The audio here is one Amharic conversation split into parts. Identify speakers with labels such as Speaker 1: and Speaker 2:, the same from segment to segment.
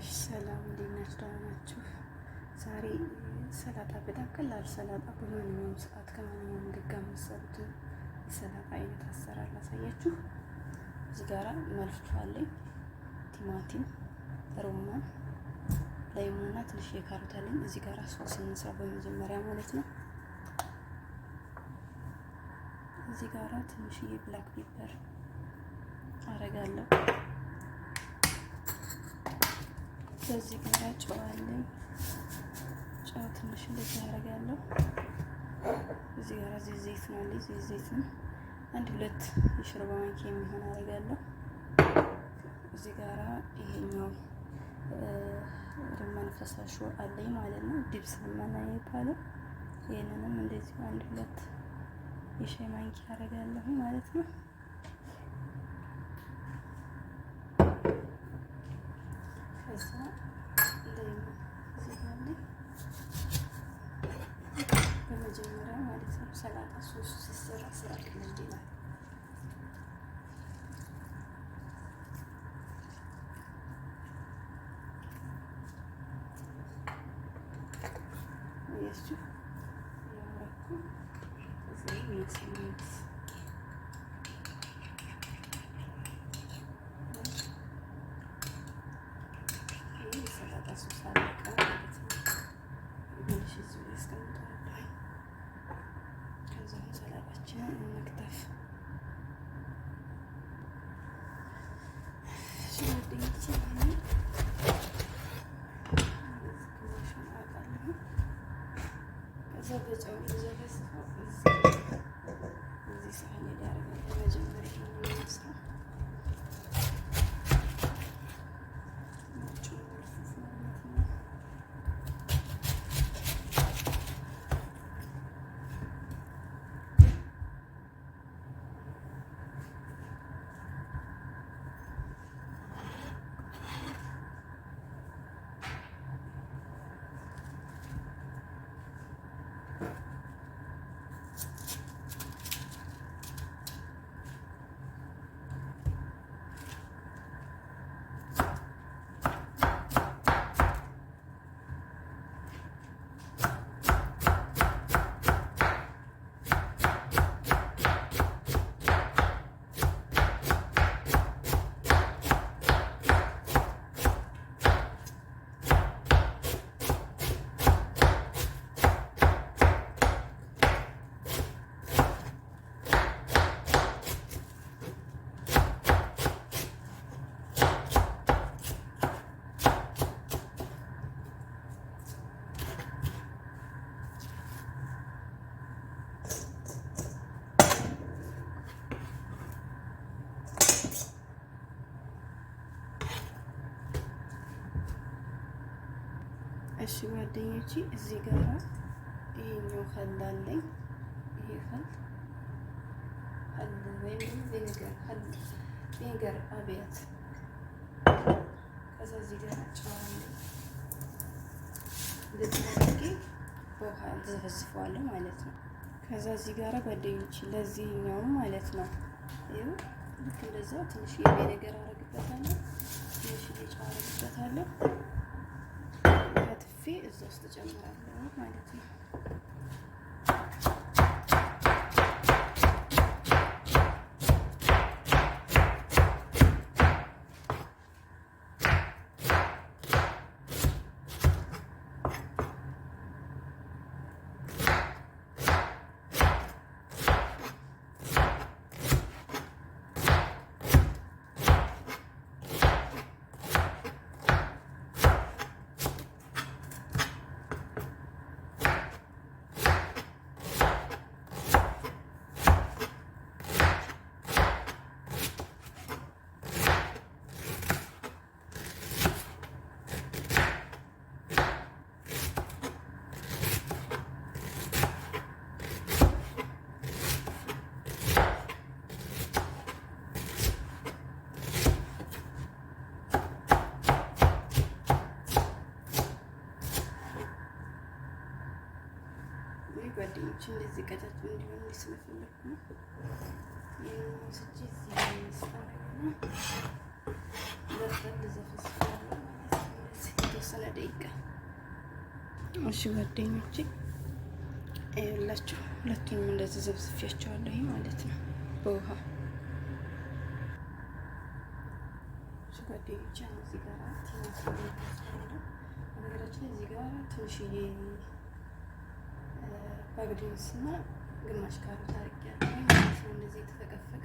Speaker 1: እሺ ሰላም እንዴት ናችሁ? ደህና ናችሁ? ዛሬ ሰላጣ በጣም ቀላል ሰላጣ በማንኛውም ሰዓት ከማንኛውም ድጋ የምትሰሩትን የሰላጣ አይነት አሰራር ላሳያችሁ። እዚህ ጋራ መልፍቶ ቲማቲም፣ ሮማን፣ ላይሞና ትንሽ የካሮት አለኝ። እዚህ ጋራ ሶስ እንስራ በመጀመሪያ ማለት ነው። እዚህ ጋራ ትንሽዬ ብላክ ፔፐር አረጋለሁ ከዚህ ጋር ጨው አለኝ። ጨው ትንሽ እንደዚህ አደርጋለሁ። እዚህ ጋር እዚህ ዘይት ነው አለኝ። እዚህ ዘይት ነው አንድ ሁለት የሾርባ ማንኪያ የሚሆን አደርጋለሁ። እዚህ ጋር ይሄኛው ርማን ፈሳሹ አለኝ ማለት ነው። ዲብስ ርማን የሚባለው ይህንንም እንደዚህ አንድ ሁለት የሻይ ማንኪያ አደርጋለሁ ማለት ነው። ከዛ በመጀመሪያ ማለት ነው ሰላጣ ሶስት ሲሰራ ስራ ቅልል ይላል። እያችሁ ያረኩ እዚህ ሚክስ ሚክስ Canım Mektef. Şunları da içelim. ጓደኞቼ እዚህ ጋር ይሄኛው አለኝ። ይሄ ከል አለ ወይም ቪኒገር ከል ቪኒገር አብያት ከዛ እዚህ ጋር ጨዋለኝ በውሃ ዘፈዝፈዋለሁ ማለት ነው። ከዛ እዚህ ጋር ጓደኞች ለዚህኛው ማለት ነው። ይኸው ልክ እንደዛ ትንሽ የቤ ነገር አረግበታለሁ፣ ትንሽ አረግበታለሁ feet is just the general out. ወይ ጓደኞች እንደዚህ ቀጫጭ እንዲሆን ስለፈለኩ ነው። የተወሰነ ደቂቃ እሺ ጓደኞቼ ይኸውላችሁ ሁለቱንም እንደዚህ ዘብዝፊያቸዋለሁ ማለት ነው በውሃ ጓደኞቼ እዚህ ጋር ትንሽዬ በግድንስ እና ግማሽ ካሮት አድርጌያለሁ እንደዚህ የተፈቀፈቀ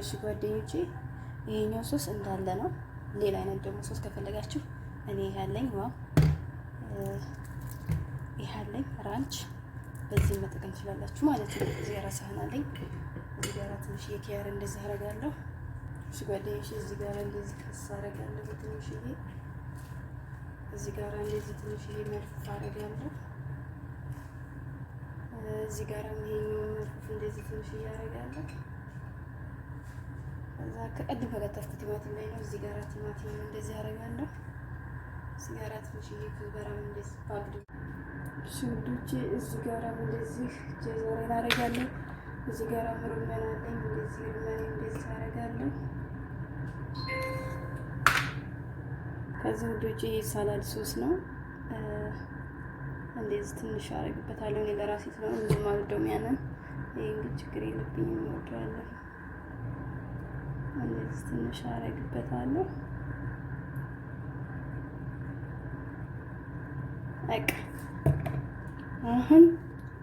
Speaker 1: እሺ ጓደኞቼ ይሄኛው ሶስ እንዳለ ነው። ሌላ አይነት ደግሞ ሶስ ከፈለጋችሁ እኔ ያለኝ ዋው ይሄ ራንች በዚህ መጠቀም ትችላላችሁ ማለት ነው። እዚህ ጋር ሳህን አለኝ። እዚህ ጋር ትንሽ የኪያር እንደዚህ አደርጋለሁ። እሺ ጓደኞቼ እዚህ ጋር እንደዚህ ከሳ አደርጋለሁ ትንሽ ይሄ እዚህ ጋር እንደዚህ ትንሽ ይሄ መልፍ አደርጋለሁ። እዚህ ጋር ይሄኛው መልፍ እንደዚህ ትንሽ እያደረጋለሁ ከዛ ከቅድም ከገጠፍኩት ቲማቲም ላይ ነው። እዚህ ጋር ቲማቲም እንደዚህ አደርጋለሁ። እዚህ ጋር ትንሽዬ ኩዝበራም እንደዚህ ባግድ ሽንዱቼ እዚህ ጋራ እንደዚህ ጀዘሬን አደርጋለሁ። እዚህ ጋራ ሩመን አለኝ። እንደዚህ ሩመን እንደዚህ አደርጋለሁ። ከዚህ ውዶቼ የሳላድ ሶስ ነው። እንደዚህ ትንሽ አረግበታለሁ። እኔ ለራሴ ስለሆነ ብዙም አልወደውም ያንን። ይህ እንግዲህ ችግር የለብኝም እወደዋለሁ። እንደዚህ ትንሽ አረግበታለሁ። በቃ አሁን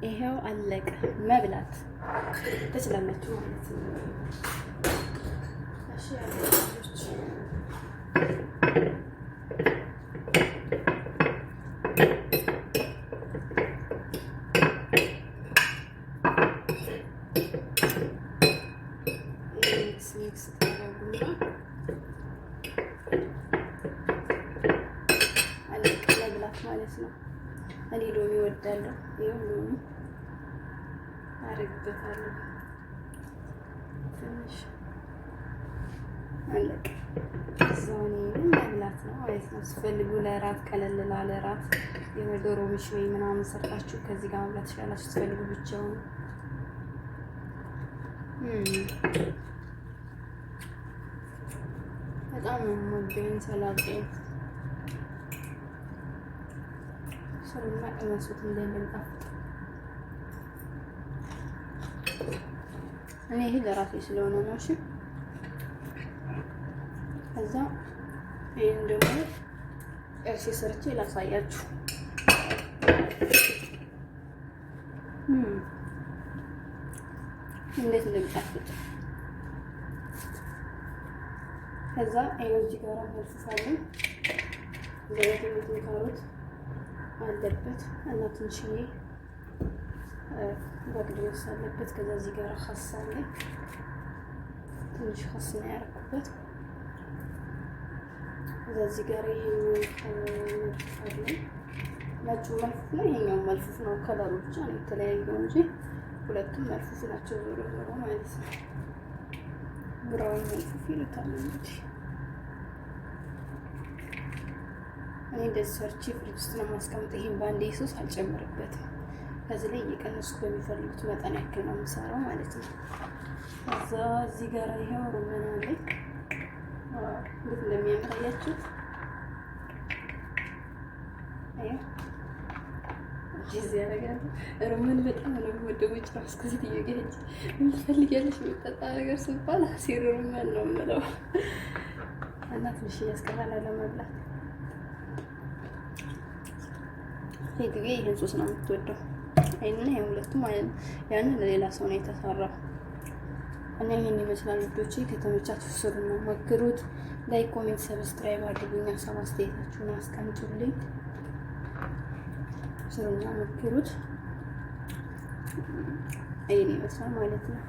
Speaker 1: ይሄው አለቀ። መብላት ትችላላችሁ ማለት ነው። እሺ ያደርጉና ለብላት ማለት ነው። እኔ ሎሚ እወዳለሁ። ይኸው ሎሚ አደርግበታለሁ ትንሽ አለቅ እዛው መብላት ነው ማለት ነው። ስፈልጉ ለእራት ቀለል ላለ እራት የዶሮ ምሽወይ ምናምን ሰርታችሁ ከዚህ ጋር መብላት ትችላላችሁ። ስፈልጉ ብቻውን በጣም የምወደውን ሰላጤ ስሩና ቅመሱት እንደምንጣፍጥ እኔ ይሄ ለራሴ ስለሆነ ነው። እሺ ከዛ ይህን ደግሞ እርሴ ሰርቼ ላሳያችሁ። እንዴት እንደሚጣፍጥ ከዛ ኤነርጂ ጋር አፈርሳለሁ። ዘይት የሚትን ካሮት አለበት እና ትንሽዬ በቅድስ አለበት። ከዛ እዚህ ጋር ኸስ አለ። ትንሽ ኸስ ነው ያደረኩበት። ከዛ እዚህ ጋር ይሄንን አለ። ነጩ መልፉፍ ነው፣ ይሄኛው መልፉፍ ነው። ከለሩ ብቻ ነው የተለያየው እንጂ ሁለቱም መልፉፍ ናቸው ዞሮ ዞሮ ማለት ነው። ግራዊ መልፉፍ ይሉታል እንግዲህ። እኔ እንደዚህ ሰርቼ ፍሪጅ ውስጥ ነው ማስቀምጥ። በአንዴ ሶስ አልጨምርበትም። ከዚህ ላይ እየቀነሱ በሚፈልጉት መጠን ያክል ነው የምሰራው ማለት ነው። እዛ እዚህ ጋር ይኸው ሩመና ላይ እንዴት እንደሚያምር አያችሁት? ጊዜ ያደርጋል። ሮማን በጣም ነው የሚወደው። መጨረስ ጊዜ ትየገች የምትፈልጊያለሽ ያንን ለሌላ ሰው ነው የተሰራው። እና ይህን ይመስላል ልጆቼ። ከተመቻችሁ ስሩ ነው ሞክሩት። ላይክ፣ ኮሜንት፣ ሰብስክራይብ አድርጉኝ። ሀሳብ አስተያየታችሁን አስቀምጡልኝ። ስሩና ሞክሩት። ይሄን ይመስላል ማለት ነው።